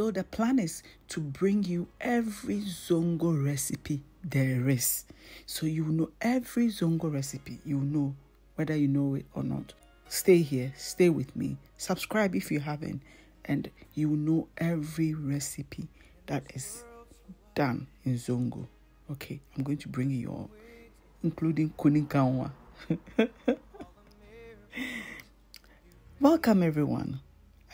So the plan is to bring you every zongo recipe there is. So you know every zongo recipe, you know whether you know it or not. Stay here, stay with me. Subscribe if you haven't and you know every recipe that is done in zongo. Okay, I'm going to bring you all including kuninkanwa. Welcome everyone.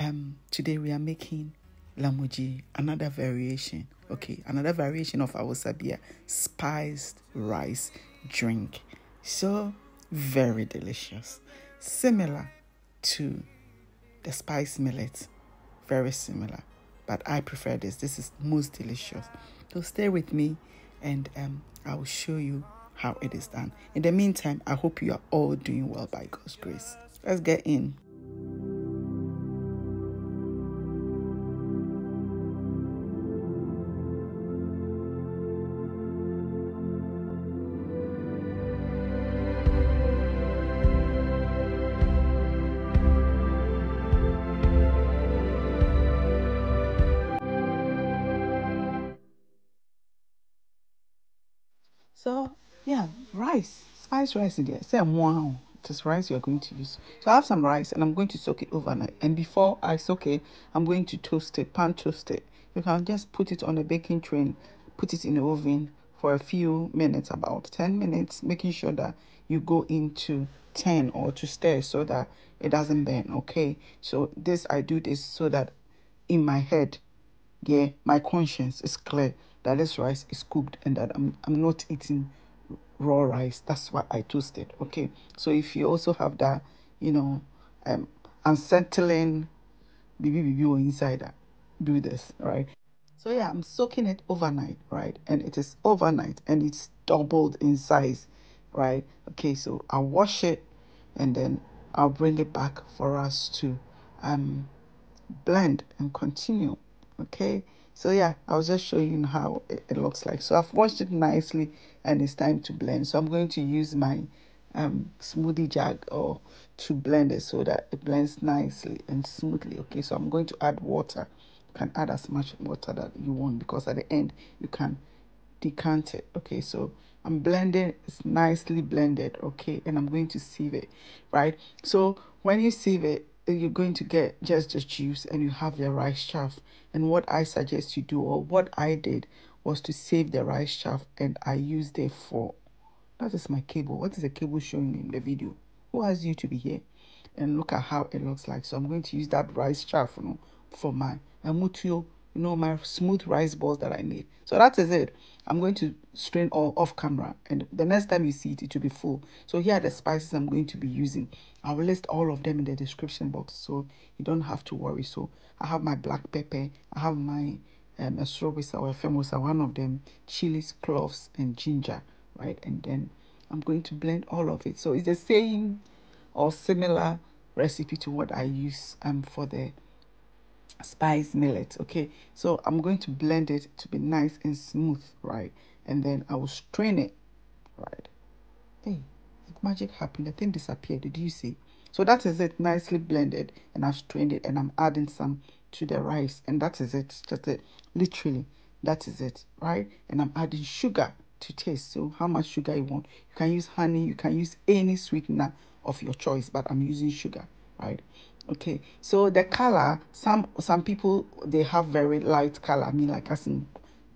Um, today we are making Lamuji, another variation. Okay, another variation of our sabia spiced rice drink. So very delicious. Similar to the spice millet, very similar. But I prefer this. This is most delicious. So stay with me and um, I will show you how it is done. In the meantime, I hope you are all doing well by God's grace. Let's get in. So yeah, rice, spice rice in there. Say I'm wow. This rice you are going to use. So I have some rice and I'm going to soak it overnight. And before I soak it, I'm going to toast it, pan toast it. You can just put it on a baking tray, put it in the oven for a few minutes, about 10 minutes, making sure that you go into 10 or to stir so that it doesn't burn. Okay. So this I do this so that in my head, yeah, my conscience is clear that this rice is cooked and that I'm, I'm not eating raw rice. That's why I toasted. Okay. So if you also have that, you know, um, unsettling BBBB or oh, insider, do this, right? So yeah, I'm soaking it overnight, right? And it is overnight and it's doubled in size, right? Okay, so I'll wash it and then I'll bring it back for us to um blend and continue okay so yeah i was just showing you how it, looks like so i've washed it nicely and it's time to blend so i'm going to use my um, smoothie jug or to blend it so that it blends nicely and smoothly okay so i'm going to add water you can add as much water that you want because at the end you can decant it okay so i'm blending it's nicely blended okay and i'm going to sieve it right so when you sieve it you're going to get just the juice and you have the rice chaff. And what I suggest you do, or what I did, was to save the rice chaff and I used it for. That is my cable. What is the cable showing in the video? Who asked you to be here? And look at how it looks like. So I'm going to use that rice chaff you know, for my amutio you know, my smooth rice balls that I made. So that is it. I'm going to strain all off camera and the next time you see it, it will be full. So here are the spices I'm going to be using. I will list all of them in the description box so you don't have to worry. So I have my black pepper, I have my um, esrobisa or femosa, one of them, chilies, cloves and ginger, right? And then I'm going to blend all of it. So it's the same or similar recipe to what I use um, for the spice millet okay so i'm going to blend it to be nice and smooth right and then i will strain it right hey magic happened the thing disappeared did you see so that is it nicely blended and i've strained it and i'm adding some to the rice and that is it just it literally that is it right and i'm adding sugar to taste so how much sugar you want you can use honey you can use any sweetener of your choice but i'm using sugar right okay so the color some some people they have very light color i mean like as in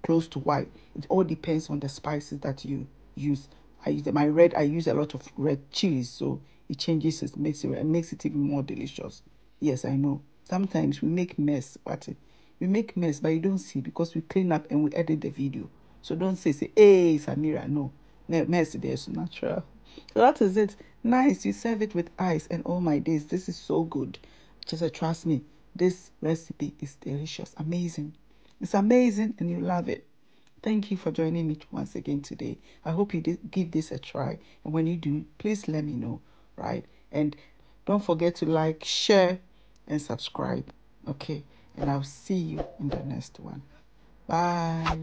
close to white it all depends on the spices that you use i use my red i use a lot of red chilies so it changes it makes it, it makes it even more delicious yes i know sometimes we make mess but eh, we make mess but you don't see because we clean up and we edit the video so don't say say hey samira no mess there's natural so that is it Nice, you serve it with ice and all my days. This is so good. Just uh, trust me, this recipe is delicious, amazing. It's amazing and you love it. Thank you for joining me once again today. I hope you give this a try. And when you do, please let me know, right? And don't forget to like, share, and subscribe. Okay? And I'll see you in the next one. Bye.